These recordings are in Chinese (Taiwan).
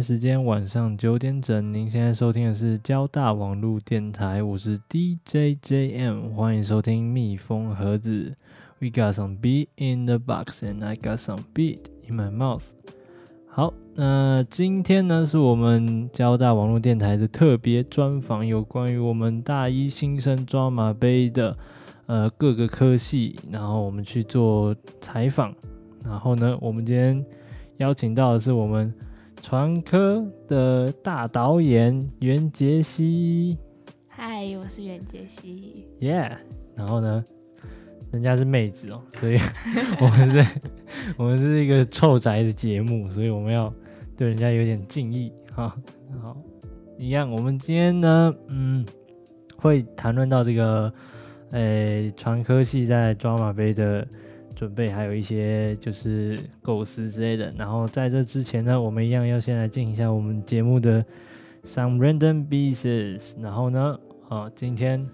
時間晚上九點整。您現在收聽的是交大網絡電台，我是 DJJM，歡迎收聽蜜蜂盒子。We got some beat in the box and I got some beat in my mouth。好，那今天呢是我們交大網絡電台的特別專訪，有關於我們大一新生抓馬杯的呃各個科系，然後我們去做採訪。然後呢，我們今天邀請到的是我們。傳科的大導演袁杰希，嗨，我是袁杰希，耶、yeah。然後呢，人家是妹子哦，所以我們是， 我們是一個臭宅的節目，所以我們要對人家有點敬意，好、啊，好，然後一樣。我們今天呢，嗯，會談論到這個，誒、欸，傳科系在抓馬盃的，準備還有一些就是構思之類的。然後在這之前呢，我們一樣要先來進行一下我們節目的 some random pieces。然後呢，啊，今天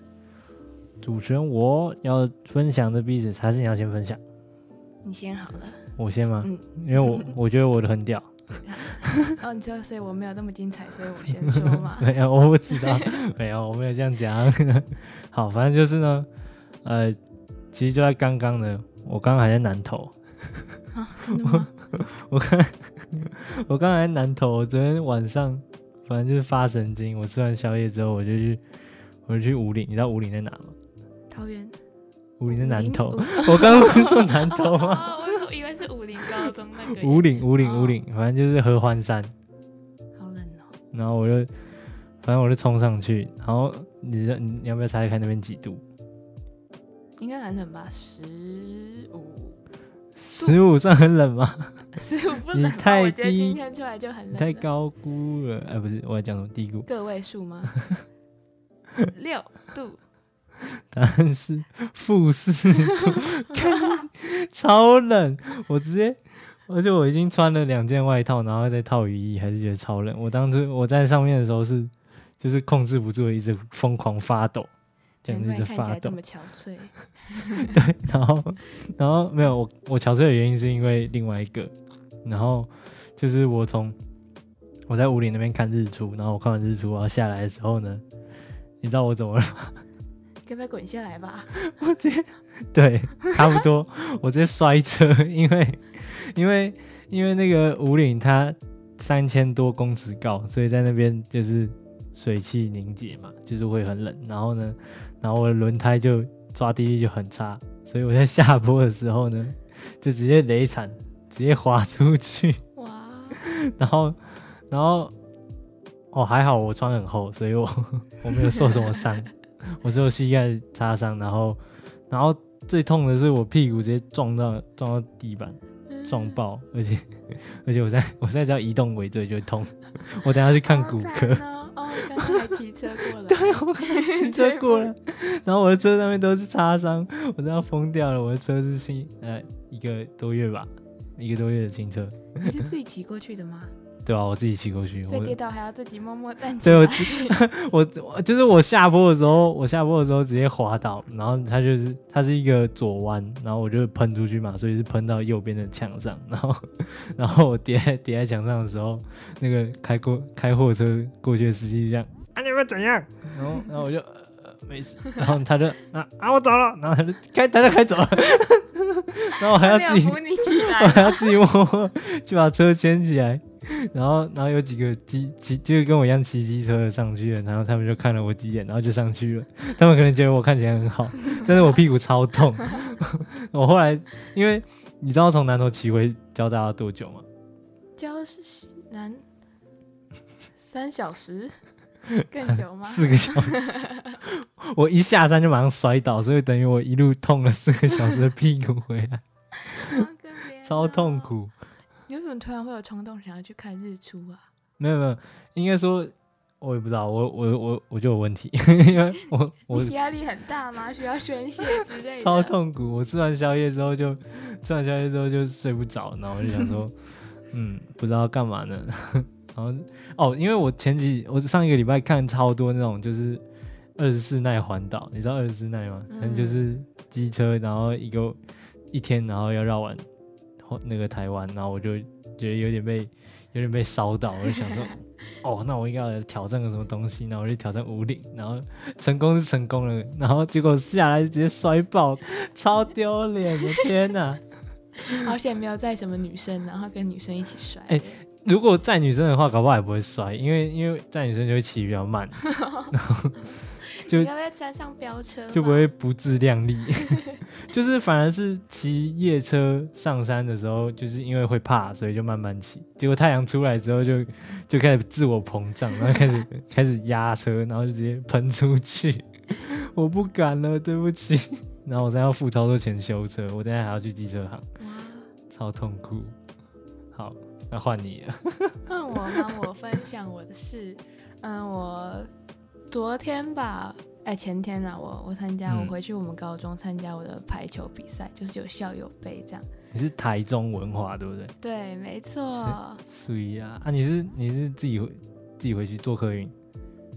主持人我要分享的 pieces，還是你要先分享？你先好了。我先嗎？嗯，因為我我覺得我的很屌。哦，你知道，所以我沒有那麼精彩，所以我先說嘛。沒有，我不知道。沒有，我沒有這樣講。 好，反正就是呢，呃，其實就在剛剛的。我剛剛還、啊、還在南投，我我我剛剛在南投。昨天晚上反正就是發神經，我吃完宵夜之後我就去，我就去武嶺。你知道武嶺在哪嗎？桃園。武嶺在南投，我剛剛不是說南投嗎？我以為是武嶺高中那個。武嶺武嶺武嶺，反正就是合歡山。好冷哦。然後我就反正我就衝上去，然後你你你要不要猜一猜那邊幾度？應該很冷吧？十五，十五算很冷嗎？十五不冷， 你太低，看出來就很冷，太高估了。哎，不是，我要講什麼低估？個位數嗎？六 度，答案是負四度， 看你 超冷！我直接，而且我已經穿了兩件外套，然後再套雨衣，還是覺得超冷。我當初我在上面的時候是，就是控制不住，一直瘋狂發抖，簡直發抖，這麼憔 對，然後，然後沒有我我憔悴的原因是因為另外一個，然後就是我從我在武嶺那邊看日出，然後我看完日出我要下來的時候呢，你知道我怎麼了嗎？該不快滾下來吧！我直接對，差不多， 我直接摔車，因為因為因為那個武嶺它三千多公尺高，所以在那邊就是水汽凝結嘛，就是會很冷，然後呢，然後我的輪胎就。抓地力就很差，所以我在下坡的時候呢，就直接犁田，直接滑出去。哇、wow！然後，然後，哦，還好我穿很厚，所以我我沒有受什麼傷， 我只有膝蓋擦傷。然後，然後最痛的是我屁股直接撞到撞到地板，撞爆，而且而且我現在我現在只要移動尾椎就會痛。我等下去看骨科。 騎車過來 對，騎車過來，然後我的車上面都是擦傷，我都要瘋掉了。我的車是新，呃，一個多月吧，一個多月的新車。你是自己騎過去的嗎？對啊，我自己騎過去。所以跌倒還要自己默默站起來。對，我我就是我下坡的時候，我下坡的時候直接滑倒，然後它就是它是一個左彎，然後我就噴出去嘛，所以是噴到右邊的牆上，然後然後我跌在跌在牆上的時候，那個開過開貨車過去的司機就這樣。啊！你們怎樣？然後，然後我就、呃、沒事。然後他就 啊啊，我走了。然後他就開，他就開，開走了。 然後我還要自己，你扶你起來我還要自己摸、摸，就把車牽起來。然後，然後有幾個機騎，就是跟我一樣騎機車的上去了。然後他們就看了我幾眼，然後就上去了。他們可能覺得我看起來很好，但是我屁股超痛。 我後來，因為你知道從南投騎回交大要多久嗎？交是南三小時。更久嗎、啊？四個小時， 我一下山就馬上摔倒，所以等於我一路痛了四個小時的屁股回來， 啊啊、超痛苦。你為什麼突然會有衝動想要去看日出啊？沒有沒有，應該說我也不知道，我我我我就有問題， 因為我我壓力很大嗎？需要宣泄之類的？超痛苦，我吃完宵夜之後就吃完宵夜之後就睡不着，然後我就想說， 嗯，不知道幹嘛呢。 然後哦，因為我前幾我上一個禮拜看了超多那種，就是二十四耐環島，你知道二十四耐嗎？反、嗯、正就是機車，然後一個一天，然後要繞完那個台灣，然後我就覺得有點被有點被燒到，我就想說， 哦，那我應該要來挑戰個什麼東西，然後我就挑戰武嶺，然後成功是成功了，然後結果下來就直接摔爆，超丟臉的！天哪，而且沒有載什麼女生，然後跟女生一起摔。哎如果載女生的話，搞不好也不會摔，因為因為載女生就會騎比較慢， 然後就要在山上飆車，就不會不自量力， 就是反而是騎夜車上山的時候，就是因為會怕，所以就慢慢騎。結果太陽出來之後就，就就開始自我膨脹，然後開始 開始壓車，然後就直接噴出去， 我不敢了，對不起。然後我現在要付超多錢修車，我等下還要去機車行，哇，超痛苦。好。換你嗎？換我，換我分享我的事。嗯，我昨天吧，哎、欸，前天啊，我我參加、嗯，我回去我們高中參加我的排球比賽，就是有校友杯這樣。你是台中文化對不對？對，沒錯。誰 呀、啊？啊，你是你是自己回自己回去坐客運？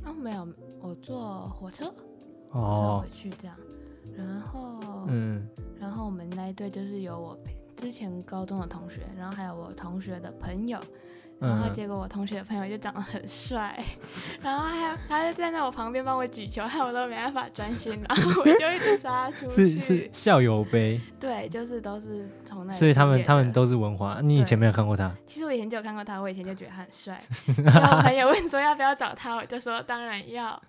哦，沒有，我坐火車哦，火車回去這樣。哦、然後嗯，然後我們那一隊就是有我，之前高中的同學，然後還有我同學的朋友。然後結果我同學的朋友就長得很帥，嗯、然後還他就站在我旁邊幫我舉球，害 我都沒辦法專心，然後我就一直刷出去。是是校友杯，對，就是都是從那。所以他們他們都是文化。你以前沒有看過他？其實我以前就有看過他，我以前就覺得他很帥。 然後我朋友問說要不要找他，我就說當然要。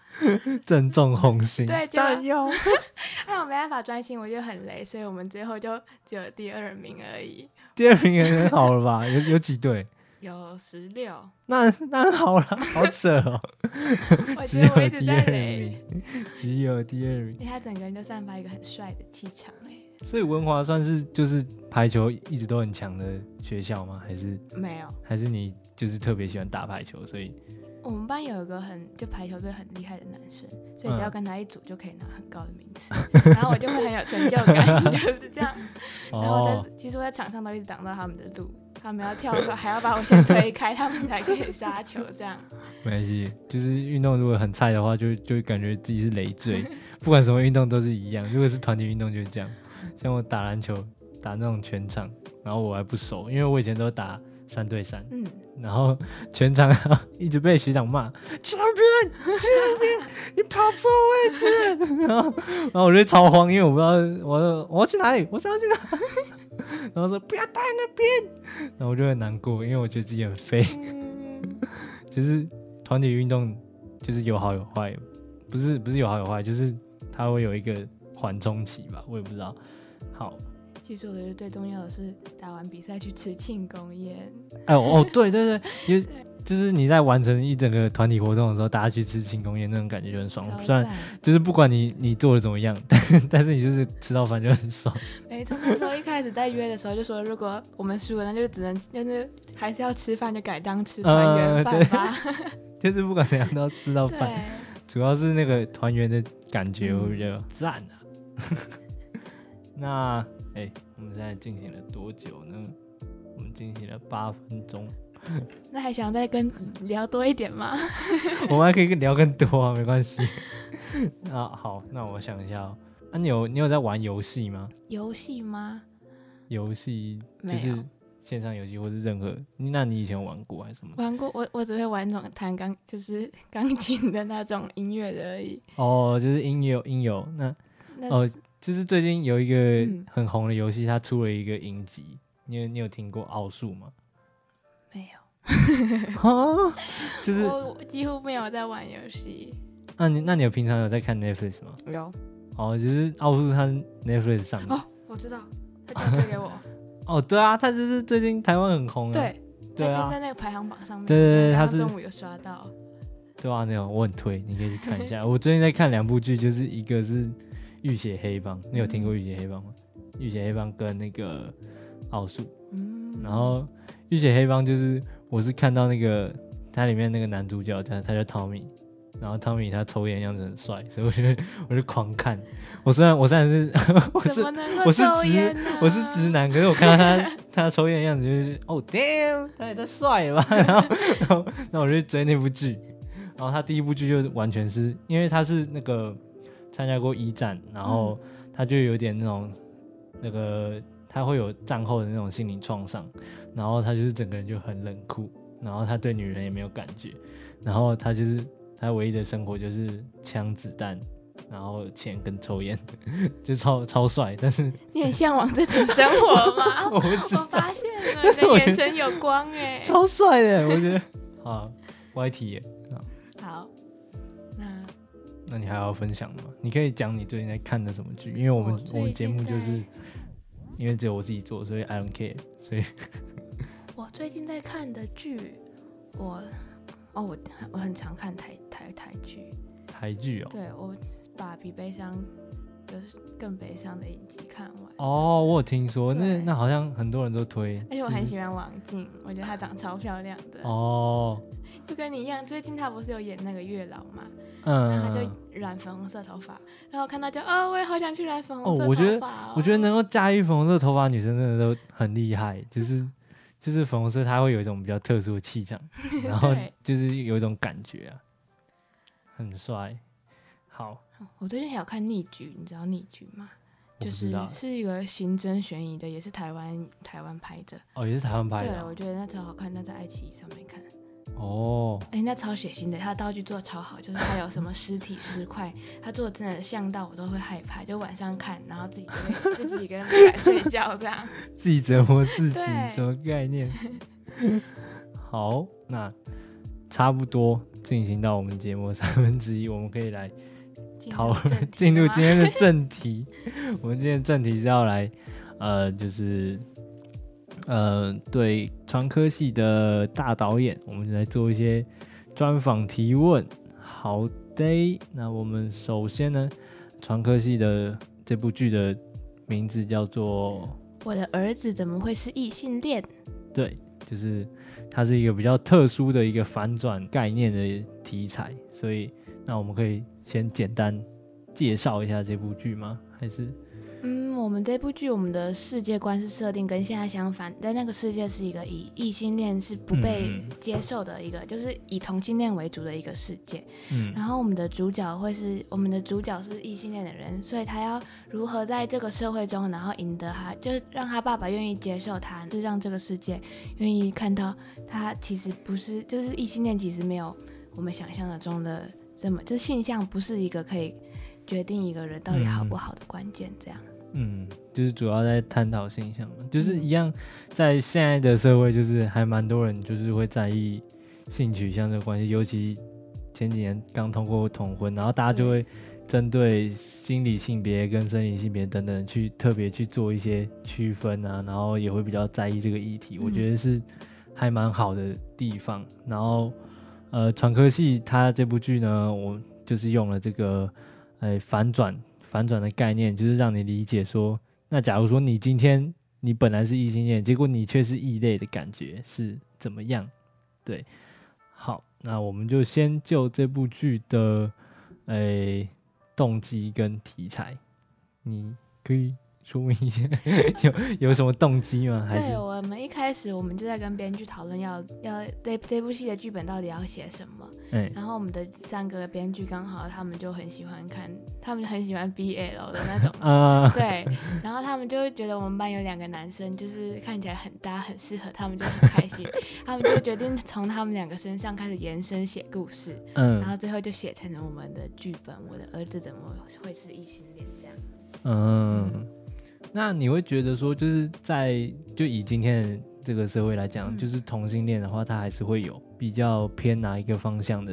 正、 嗯、中紅心。對，就當然要。 我沒辦法專心，我就很累，所以我們最後就只有第二名而已。第二名也很好了吧？ 有有幾隊。有十六，那那很好啦， 好扯哦、喔 我覺得笑。只有第二名，只有第二名。他整個人就散發一個很帥的氣場哎、欸。所以文華算是就是排球一直都很強的學校嗎？還是沒有？還是你就是特別喜歡打排球，所以我們班有一個很就排球隊很厲害的男生，所以只要跟他一組就可以拿很高的名次，嗯、然後我就會很有成就感， 就是這樣。然後在、哦、其實我在場上都一直擋到他們的路。他們要跳的時候，還要把我先推開，他們才可以殺球。這樣 沒關係，就是運動如果很菜的話，就就感覺自己是累贅。不管什麼運動都是一樣。如果是團體運動就這樣，像我打籃球，打那種全場，然後我還不熟，因為我以前都打三對三。嗯。然後全場一直被學長罵，去那邊，去那邊，你跑錯位置，然後然後我覺得超慌，因為我不知道我我要去哪裡，我想要去哪裡。 然後說不要待那邊，然後我就很難過，因為我覺得自己很廢、嗯。就是團體運動就是有好有壞，不是不是有好有壞，就是它會有一個緩衝期吧，我也不知道。好，其實我覺得最重要的是打完比賽去吃慶功宴。哎呦哦，對對對， 對就是你在完成一整個團體活動的時候，大家去吃慶功宴那種感覺就很爽，雖然就是不管你你做的怎麼樣，但但是你就是吃到飯就很爽。沒、欸、從那時候一開始在約的時候 就說，如果我們輸了，那就只能就是還是要吃飯，就改當吃團圓飯吧。呃、 就是不管怎樣都要吃到飯，主要是那個團圓的感覺，比較讚啊。 那哎、欸，我們現在進行了多久呢？我們進行了八分鐘。那還想再跟聊多一點嗎？ 我們還可以跟聊更多啊，沒關係。那、 啊、好，那我想一下、哦。那、啊、你有你有在玩遊戲嗎？遊戲嗎？遊戲就是線上遊戲，或是任何？那你以前玩過還是什麼？玩過，我我只會玩那種彈鋼，就是鋼琴的那種音樂而已。哦，就是音遊，音遊。那，那哦，就是最近有一個很紅的遊戲、嗯，它出了一個音集。你有你有聽過奧數嗎？沒有， 就是我我幾乎沒有在玩遊戲 。那你那你有平常有在看 Netflix 嗎？有，哦，就是奧數他 Netflix 上的。哦、oh,，我知道，他推給我。哦、 oh,，對啊，他就是最近台灣很紅、啊。對對啊，就在那個排行榜上面。對對他是剛剛中午有刷到。對啊，那種我很推，你可以去看一下。 我最近在看兩部劇，就是一個是《浴血黑幫》，你有聽過浴、嗯《浴血黑幫》嗎？《浴血黑幫》跟那個奧數，嗯，然後。御姐黑幫就是，我是看到那個它裡面那個男主角叫他叫湯米，然後湯米他抽菸樣子很帥，所以我就我就狂看。我雖然我雖然是 我是、啊、我是直我是直男，可是我看到他他抽菸樣子就是哦、 oh, damn，太帥了吧，然後然後那我就追那部劇。然後他第一部劇就完全是，因為他是那個參加過一戰，然後他就有點那種那個。他會有戰後的那種心靈創傷，然後他就是整個人就很冷酷，然後他對女人也沒有感覺，然後他就是他唯一的生活就是槍子彈，然後錢跟抽菸， 就超超帥。但是你很嚮往這種生活嗎？ 我，我，我發現了，你的眼神有光哎，超帥哎，我覺得 我 y T 啊提好，好，那那你還要分享嗎？你可以講你最近在看的什麼劇，因為我們我，我們節目就是。因為只有我自己做，所以 I don't care。所以，我最近在看的劇，我哦，我我很常看台台台劇，台劇哦。對，我把比悲傷，就是更悲傷的影集看完。哦，我有聽說，那那好像很多人都推。而且我很喜歡王淨，就是，我覺得她長超漂亮的。哦，就跟你一樣，最近她不是有演那個月老嘛？嗯，然後就染粉紅色頭髮，然後看到就，啊、哦，我也好想去染粉紅色、哦、頭髮。哦，我覺得，我覺得能夠駕馭粉紅色頭髮女生真的都很厲害，就是， 就是粉紅色她會有一種比較特殊的氣場，然後就是有一種感覺啊， 很帥。好，我最近還有看逆局，你知道逆局嗎？我不知道。就是是一個刑偵懸疑的，也是台灣台灣拍的。哦，也是台灣拍的、啊。對，我覺得那超好看，那在愛奇藝上面看。哦，哎，那超血腥的，他的道具做得超好，就是他有什麼屍體、屍塊，他做的真的像到我都會害怕，就晚上看，然後自己就自己跟自己睡覺這樣， 自己折磨自己，什麼概念？ 好，那差不多進行到我們節目三分之一，我們可以來討論進入今天的正題。我們今天的正題是要來，呃，就是。呃，對，傳科系的大導演，我們來做一些專訪提問。好的，那我們首先呢，傳科系的這部劇的名字叫做《我的兒子怎麼會是異性戀》。對，就是它是一個比較特殊的一個反轉概念的題材，所以那我們可以先簡單介紹一下這部劇嗎？還是？嗯，我們這部劇，我們的世界觀是設定跟現在相反，在那個世界是一個以異性戀是不被接受的一個、嗯，就是以同性戀為主的一個世界。嗯，然後我們的主角會是，我們的主角是異性戀的人，所以他要如何在這個社會中，然後贏得他，就是讓他爸爸願意接受他，就讓這個世界願意看到他其實不是，就是異性戀其實沒有我們想象的中的這麼，就是性向不是一個可以。決定一個人到底好不好的關鍵，這樣嗯，嗯，就是主要在探討性向就是一樣、嗯，在現在的社會，就是還蠻多人就是會在意性取向這關係，尤其前幾年剛通過同婚，然後大家就會針對心理性別跟生理性別等等去特別去做一些區分啊，然後也會比較在意這個議題，嗯、我覺得是還蠻好的地方。然後，呃，傳科系它這部劇呢，我就是用了這個。哎，反轉反轉的概念就是讓你理解說，那假如說你今天你本來是異性戀，結果你卻是異類的感覺是怎麼樣？對，好，那我們就先就這部劇的哎動機跟題材，你可以。出名一些，有有什麼動機嗎還是？對，我們一開始我們就在跟編劇討論，要要這這部戲的劇本到底要寫什麼。對、欸。然後我們的三個編劇剛好他們就很喜歡看，他們就很喜歡 BL 的那種。啊、嗯。對。然後他們就覺得我們班有兩個男生，就是看起來很搭，很適合，他們就很開心，嗯、他們就決定從他們兩個身上開始延伸寫故事。嗯。然後最後就寫成了我們的劇本。我的兒子怎麼會會是異性戀這樣？嗯。那你會覺得說，就是在就以今天的這個社會來講，嗯、就是同性戀的話，他還是會有比較偏哪一個方向的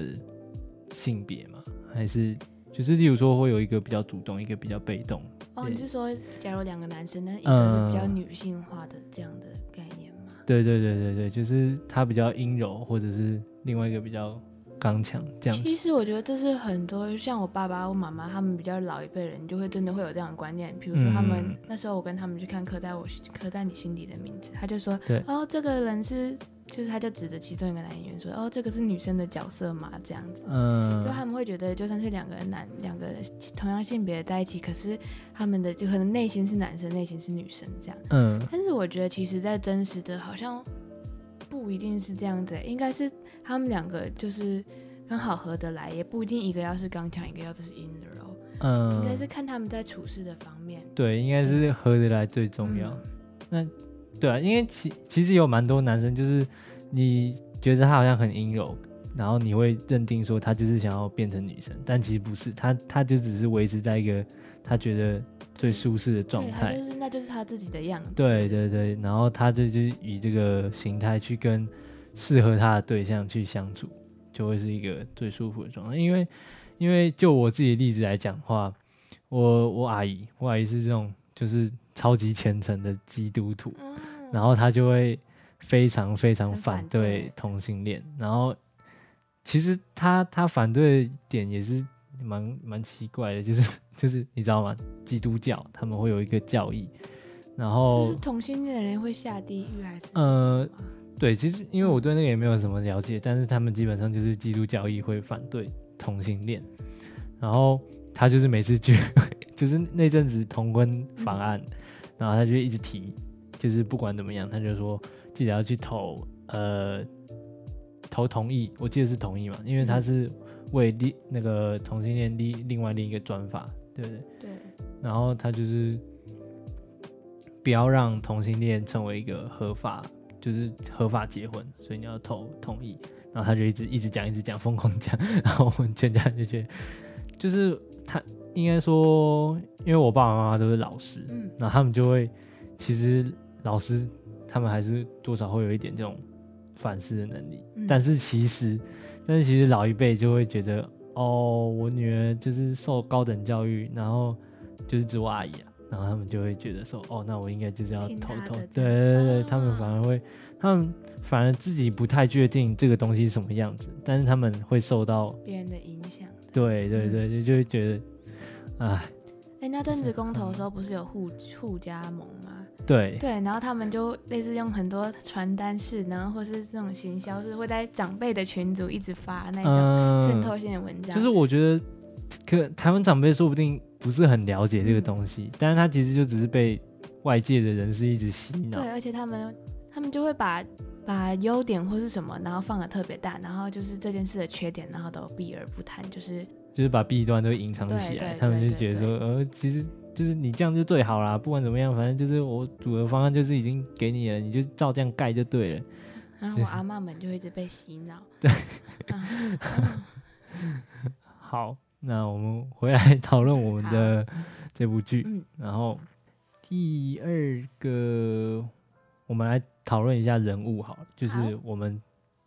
性別嗎？還是就是例如說會有一個比較主動，一個比較被動？哦，你是說，假如兩個男生，那一個是比較女性化的這樣的概念嗎？對、嗯、對對對對，就是他比較陰柔，或者是另外一個比較。剛強這樣。其實我覺得這是很多像我爸爸、我媽媽他們比較老一輩人，就會真的會有這樣的觀念。比如說他們、嗯、那時候，我跟他們去看《刻在我刻在你心底的名字》，他就說對：“哦，這個人是……就是他就指着其中一個男演員說：‘哦，這個是女生的角色嘛’，這樣子。嗯，就他們會覺得就算是兩個男、兩個同樣性別的在一起，可是他們的就可能內心是男生，內心是女生這樣。嗯，但是我覺得其實，在真實的，好像。不一定是這樣子，欸，應該是他們兩個就是剛好合得來，也不一定一個要是剛強，一個要是陰柔，嗯，應該是看他們在處事的方面，對，應該是合得來最重要。嗯、那對啊，因為其其實有蠻多男生就是你覺得他好像很陰柔，然後你會認定說他就是想要變成女生，但其實不是，他他就只是維持在一個他覺得。最舒適的狀態，對，他就是，那就是他自己的樣子。對對對，然後他這就是以這個形態去跟適合他的對象去相處，就會是一個最舒服的狀態。因為，因為就我自己的例子來講的話，我我阿姨，我阿姨是這種，就是超級虔誠的基督徒，嗯、然後她就會非常非常反對同性戀。嗯、然後，其實她她反對的點也是。蠻蠻奇怪的，就是就是你知道嗎？基督教他們會有一個教義，然後就是，是同性戀的人會下地獄還是？呃，對，其實因為我對那個也沒有什麼了解，嗯、但是他們基本上就是基督教義會反對同性戀，然後他就是每次去，就是那陣子同婚法案，嗯，然後他就一直提，就是不管怎麼樣，他就說記得要去投呃投同意，我記得是同意嘛，因為他是。嗯為第那個同性戀第另外另一個專法，對不對？對。然後他就是不要讓同性戀成為一個合法，就是合法結婚，所以你要投同意。然後他就一直一直講，一直講，瘋狂講。然後我們全家就覺得，就是他應該說，因為我爸爸媽媽都是老師，嗯，然後他們就會，其實老師他們還是多少會有一點這種反思的能力，嗯，但是其實。但是其實老一輩就會覺得，哦，我女兒就是受高等教育，然後就是做阿姨啊，然後他們就會覺得說，哦，那我應該就是要投投、啊，對對對，他們反而會，他們反而自己不太確定這個東西是什麼樣子，但是他們會受到別人的影響，對對對，就就會覺得，哎，哎、欸，那陣子公投的時候不是有護護家盟嗎？對對，然後他們就類似用很多傳單式，然後或是這種行銷是會在長輩的群組一直發那種滲透性的文章、嗯。就是我覺得，可他們長輩說不定不是很了解這個東西，嗯、但是他其實就只是被外界的人士一直洗腦。對，而且他們他們就會把把優點或是什麼，然後放得特別大，然後就是這件事的缺點，然後都避而不談，就是就是把弊端都隱藏起來對對對對對對。他們就覺得說，呃，其實。就是你這樣就最好啦，不管怎麼樣，反正就是我主的方案就是已經給你了，你就照這樣蓋就對了。然後我阿嬤們就一直被洗腦。對、 啊。 好，那我們回來討論我們的這部劇、嗯。然後第二個，我們來討論一下人物。好，就是我們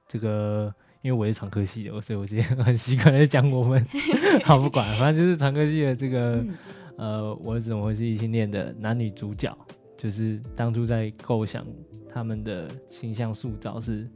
這個，因為我是傳科系的，所以我今天很習慣來講我們。 好，不管，反正就是傳科系的這個。嗯呃，我怎麼會是異性戀的男女主角，就是當初在構想他們的形象塑造是。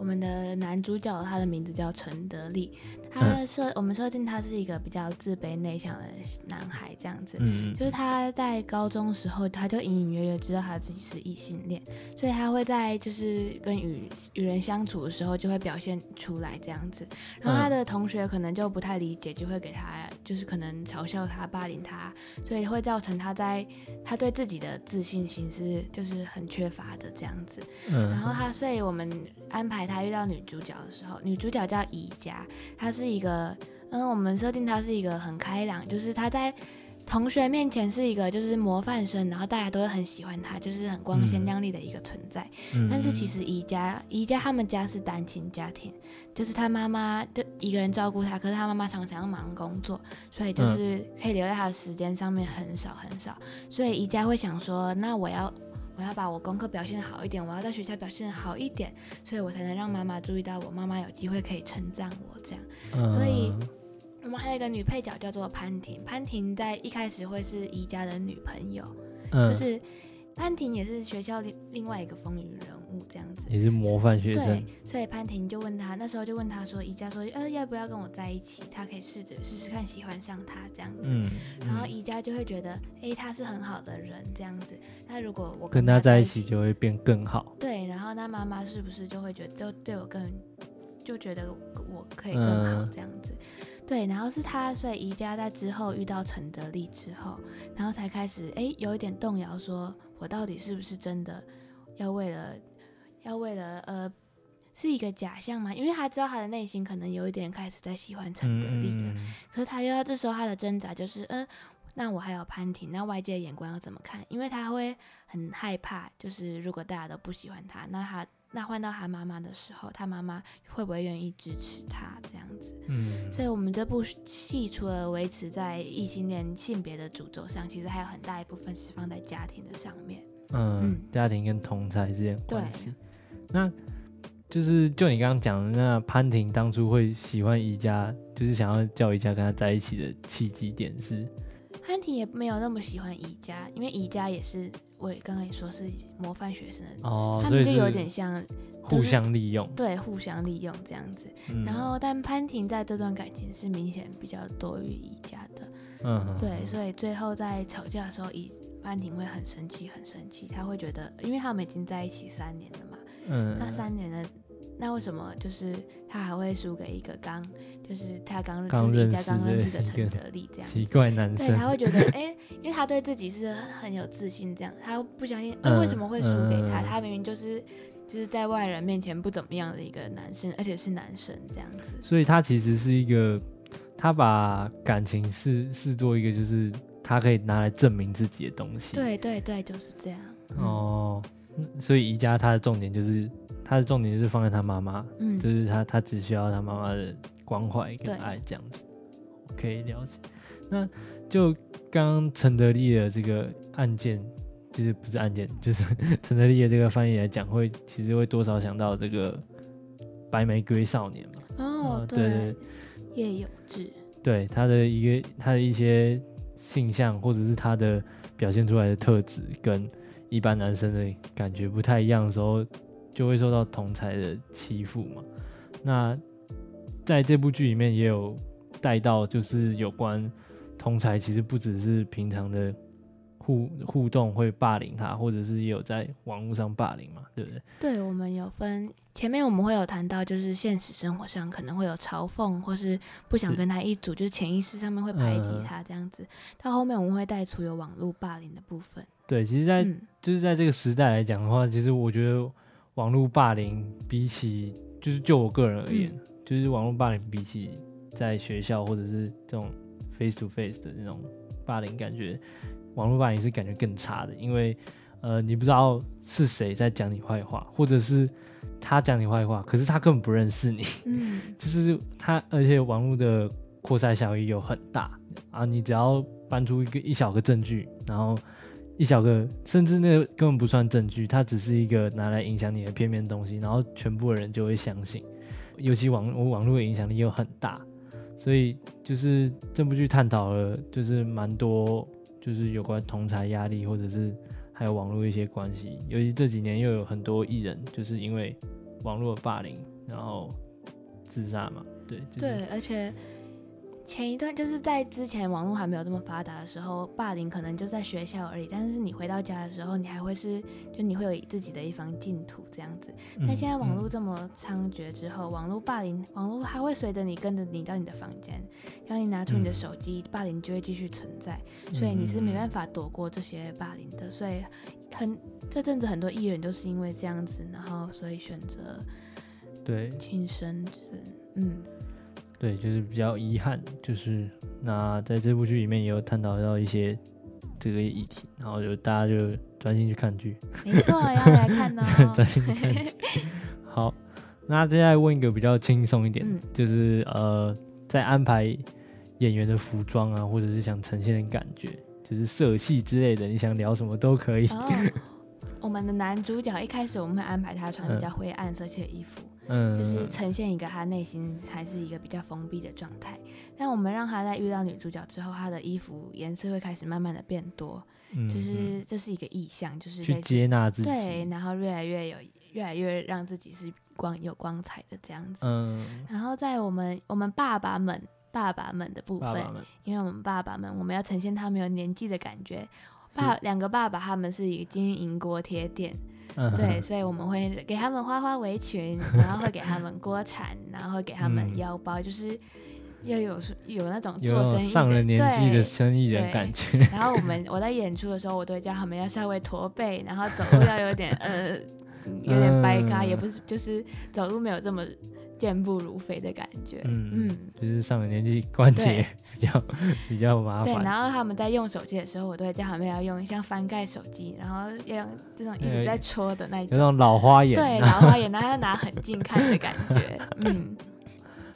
我們的男主角，他的名字叫陳德利，他的設、嗯、我們設定他是一個比較自卑內向的男孩，這樣子、嗯，就是他在高中時候他就隱隱約約知道他自己是異性戀，所以他會在就是跟與與人相處的時候就會表現出來這樣子，然後他的同學可能就不太理解，就會給他就是可能嘲笑他霸凌他，所以會造成他在他對自己的自信心是就是很缺乏的這樣子，然後他所以我們。安排他遇到女主角的時候，女主角叫宜家。她是一個，嗯，我們設定她是一個很開朗，就是她在同學面前是一個就是模範生，然後大家都會很喜歡她，就是很光鮮亮麗的一個存在。嗯、但是其實宜家、嗯、宜家他們家是單親家庭，就是她媽媽就一個人照顧她，可是她媽媽常常要忙工作，所以就是可以留在她的時間上面很少很少，所以宜家會想說，那我要。我要把我功課表現好一點，我要在學校表現好一點，所以我才能讓媽媽注意到我，媽媽有機會可以稱讚我這樣。嗯、所以，我們還有一個女配角叫做潘婷，潘婷在一開始會是宜家的女朋友，嗯、就是。潘婷也是學校 li, 另外一個風雲人物，這樣子也是模範學生。對，所以潘婷就問他，那時候就問他說，宜家說，呃，要不要跟我在一起？他可以試着試試看喜歡上他這樣子、嗯。然後宜家就會覺得，哎、嗯欸，他是很好的人，這樣子。那如果我跟他，一跟他在一起，就會變更好。對，然後他媽媽是不是就會覺得就對我更，就覺得我，我可以更好這樣子、嗯？對，然後是他，所以宜家在之後遇到陳德利之後，然後才開始，哎、欸，有一點動搖說。我到底是不是真的要為了要為了呃是一個假象嗎？因為他知道他的內心可能有一點開始在喜歡陳德利了、嗯，可是他又要這時候他的掙扎就是，嗯，那我還有潘婷，那外界的眼光要怎麼看？因為他會很害怕，就是如果大家都不喜歡他，那他。那換到他媽媽的時候，他媽媽會不會願意支持他這樣子？嗯，所以，我們這部戲除了維持在異性戀性別的主軸上，其實還有很大一部分是放在家庭的上面。嗯，嗯，家庭跟同財之間關係。那，就是就你剛剛講的，那潘婷當初會喜歡宜家，就是想要叫宜家跟他在一起的契機點是，潘婷也沒有那麼喜歡宜家，因為宜家也是。我剛剛也剛剛說是模範學生的，他們就有點像互相利用，對，互相利用這樣子。然後，但潘婷在這段感情是明顯比較多於宜家的，嗯，對，所以最後在吵架的時候，宜潘婷會很生氣，很生氣，他會覺得，因為他們已經在一起三年了嘛，嗯，那三年的。那為什麼就是他還會輸給一個剛，就是他剛認識、宜家剛認識的陳德利這樣？奇怪男生、 就是就是，對，他會覺得哎、欸，因為他對自己是很有自信，這樣他不相信，為什麼會輸給他、嗯嗯？他明明就是，就是在外人面前不怎麼樣的一個男生，而且是男生這樣子。所以他其實是一個，他把感情視視作一個就是他可以拿來證明自己的東西。對對對，就是這樣。嗯、哦，所以宜家他的重點就是，他的重點就是放在他媽媽，嗯，就是他，他只需要他媽媽的關懷跟愛這樣子，可以了解。那就剛剛陳德利的這個案件，就是不是案件，就是陳 德利的這個翻譯來講，會其實會多少想到這個白玫瑰少年嘛？哦，呃、對，葉永鋕，對他的一個他的一些性向，或者是他的表現出來的特質，跟一般男生的感覺不太一樣的時候。就會受到同儕的欺負嘛？那在這部劇裡面也有帶到，就是有關同儕，其實不只是平常的互互動會霸凌他，或者是也有在網絡上霸凌嘛，對不對？對，我們有分前面我們會有談到，就是現實生活上可能會有嘲諷，或是不想跟他一組，是就是潛意識上面會排擠他這樣子、嗯。到後面我們會帶出有網絡霸凌的部分。對，其實在，在、嗯、就是在這個時代來講的話，其實我覺得。網絡霸凌比起，就是就我個人而言，嗯、就是網絡霸凌比起在學校或者是這種 face to face 的那種霸凌，感覺網絡霸凌是感覺更差的，因為呃，你不知道是誰在講你壞話，或者是他講你壞話，可是他根本不認識你，嗯、就是他，而且網絡的擴散效益有很大啊，你只要搬出一個一小個證據，然後。一小個，甚至那根本不算證據，它只是一個拿來影響你的片面東西，然後全部的人就會相信。尤其網，我網絡影響力又很大，所以就是這部劇探討了，就是蠻多，就是有關同儕壓力，或者是還有網絡一些關係。尤其這幾年又有很多藝人就是因為網絡霸凌，然後自殺嘛，對、就是，對，而且。前一段就是在之前網絡還沒有這麼發達的時候，霸凌可能就在學校而已。但是你回到家的時候，你還會是就你會有自己的一方淨土這樣子。嗯、但現在網絡這麼猖獗之後，網絡霸凌，網絡還會隨着你跟着你到你的房間，讓你拿出你的手機，嗯，霸凌就會繼續存在。所以你是沒辦法躲過這些霸凌的。所以很這陣子很多藝人就是因為這樣子，然後所以選擇對，輕生，嗯。對，就是比較遺憾，就是那在這部劇裡面也有探討到一些這個議題，然後就大家就專心去看劇，沒錯，啊，要 來看呢，喔，專心去看劇。好，那接下來問一個比較輕鬆一點，嗯，就是呃，在安排演員的服裝啊，或者是想呈現的感覺，就是色系之類的，你想聊什麼都可以。哦，我們的男主角一開始我們會安排他穿比較灰暗色系的衣服。嗯嗯，就是呈現一個他內心還是一個比較封閉的狀態，但我們讓他在遇到女主角之後，他的衣服顏色會開始慢慢的變多，嗯、就是這是一個意象，就是去接納自己，對，然後越來越有，越來越讓自己是光有光彩的這樣子。嗯，然後在我們我們爸爸們爸爸們的部分爸爸，因為我們爸爸們我們要呈現他們有年紀的感覺，爸兩個爸爸他們是已經營鍋貼店。嗯嗯、對，所以我們會給他們花花圍裙，然後會給他們鍋鏟，然後會給他們腰包， 嗯、就是要有有那種做生意的，有上了年紀的生意人感覺。然後我們我在演出的時候，我都會叫他們要稍微駝背，然後走路要有點 呃，有點掰嘎、嗯，也不是，就是走路沒有這麼。健步如飛的感覺，嗯，嗯，就是上了年紀，關節比較比較麻煩。對，然後他們在用手機的時候，我都會叫他們要用像翻蓋手機，然後要用這種一直在戳的那一種，對，那種老花眼，對、啊、老花眼，然後要拿很近看的感覺， 嗯。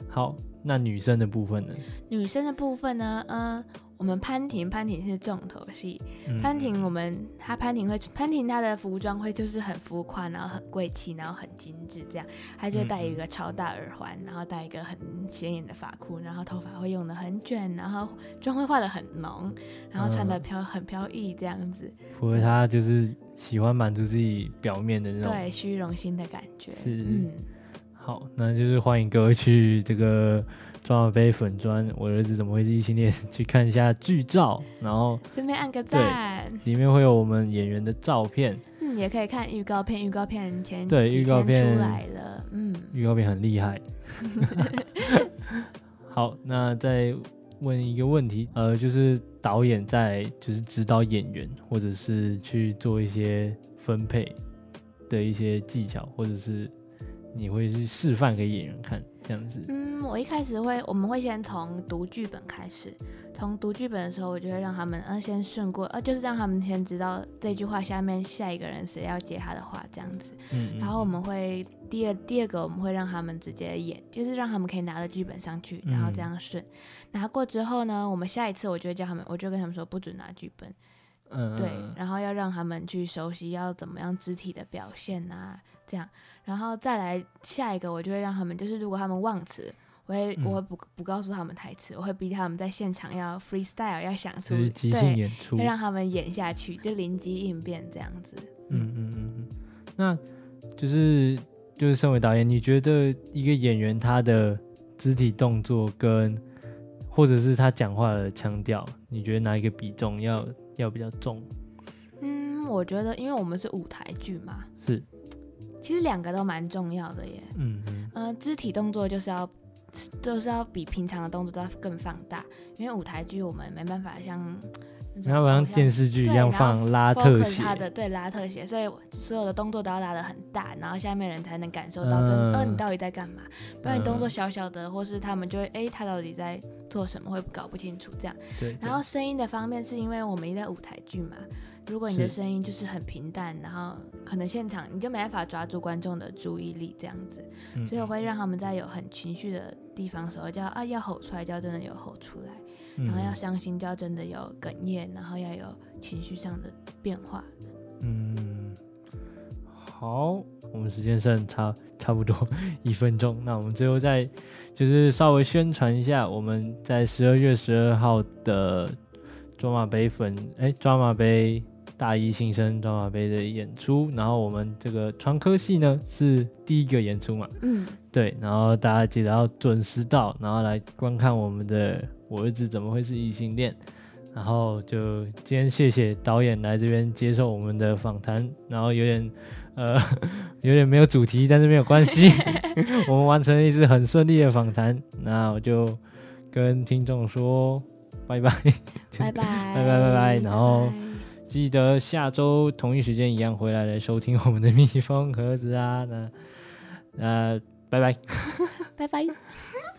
好，那女生的部分呢？女生的部分呢？嗯。我們潘婷，潘婷是重頭戲，嗯。潘婷，我們她潘婷會，潘婷她的服裝會就是很浮誇，然後很貴氣，然後很精緻，這樣。她就會戴一個超大耳環，然後戴一個很顯眼的髮箍，然後頭髮會用的很捲，然後妝會化的很濃，然後穿的飄、嗯、很飄逸這樣子。符合她就是喜歡滿足自己表面的那種對虛榮心的感覺，是嗯。好，那就是歡迎各位去這個《抓馬盃粉專》，我兒子怎麼會是異性戀？去看一下劇照，然後順便按個讚。裡面會有我們演員的照片，嗯，也可以看預告片。預告片前，對預告片出來了，嗯，預告片很厲害。 好，那再問一個問題，呃，就是導演在就是指導演員，或者是去做一些分配的一些技巧，或者是。你會是示範給演員看這樣子？嗯，我一開始會，我們會先從讀劇本開始。從讀劇本的時候，我就會讓他們呃先順過，呃就是讓他們先知道這句話下面下一個人誰要接他的話這樣子。嗯，嗯。然後我們會第二第二個我們會讓他們直接演，就是讓他們可以拿着劇本上去，然後這樣順。嗯嗯。拿過之後呢，我們下一次我就會叫他們，我就跟他們說不准拿劇本。嗯、啊，對，然後要讓他們去熟悉要怎麼樣肢體的表現啊，這樣，然後再來下一個，我就會讓他們就是，如果他們忘詞，我會、嗯、我會不不告訴他們台詞，我會逼他們在現場要 freestyle，要想出即興演出，要讓他們演下去，嗯、就臨機應變這樣子。嗯嗯嗯，那就是就是身為導演，你覺得一個演員他的肢體動作跟或者是他講話的腔調，你覺得哪一個比重要？要比較重，嗯，我覺得，因為我們是舞台劇嘛，是，其實兩個都蠻重要的耶，嗯嗯，呃，肢體動作就是要，就是要比平常的動作都要更放大，因為舞台劇我們沒辦法像，那、嗯、我像，像電視劇一樣放拉特寫，對的對拉特寫，所以所有的動作都要拉得很大，然後下面人才能感受到這嗯、呃，你到底在幹嘛？不然你動作小小的，或是他們就會，哎、欸，他到底在？做什麼會搞不清楚這樣，然後聲音的方面是因為我們在舞台劇嘛，如果你的聲音就是很平淡，然後可能現場你就沒辦法抓住觀眾的注意力這樣子，嗯，所以我會讓他們在有很情緒的地方時候就要啊要吼出來就要真的有吼出來，嗯，然後要傷心就要真的有哽咽，然後要有情緒上的變化。嗯，好。我們時間剩差差不多一分鐘，那我們最後再就是稍微宣傳一下，我們在十二月十二號的抓馬盃粉哎，抓馬盃大一新生抓馬盃的演出，然後我們這個傳科系呢是第一個演出嘛，嗯，對，然後大家記得要準時到，然後來觀看我們的《我兒子怎麼會是異性戀》，然後就今天謝謝導演來這邊接受我們的訪談，然後有點。呃，有點沒有主題，但是沒有關係， 我們完成了一次很順利的訪談。 那我就跟聽眾說拜拜，拜拜拜拜拜拜，拜拜，然後記得下周同一時間一樣回來來收聽我們的蜜蜂盒子啊。那那拜拜，呃，拜拜。 拜拜。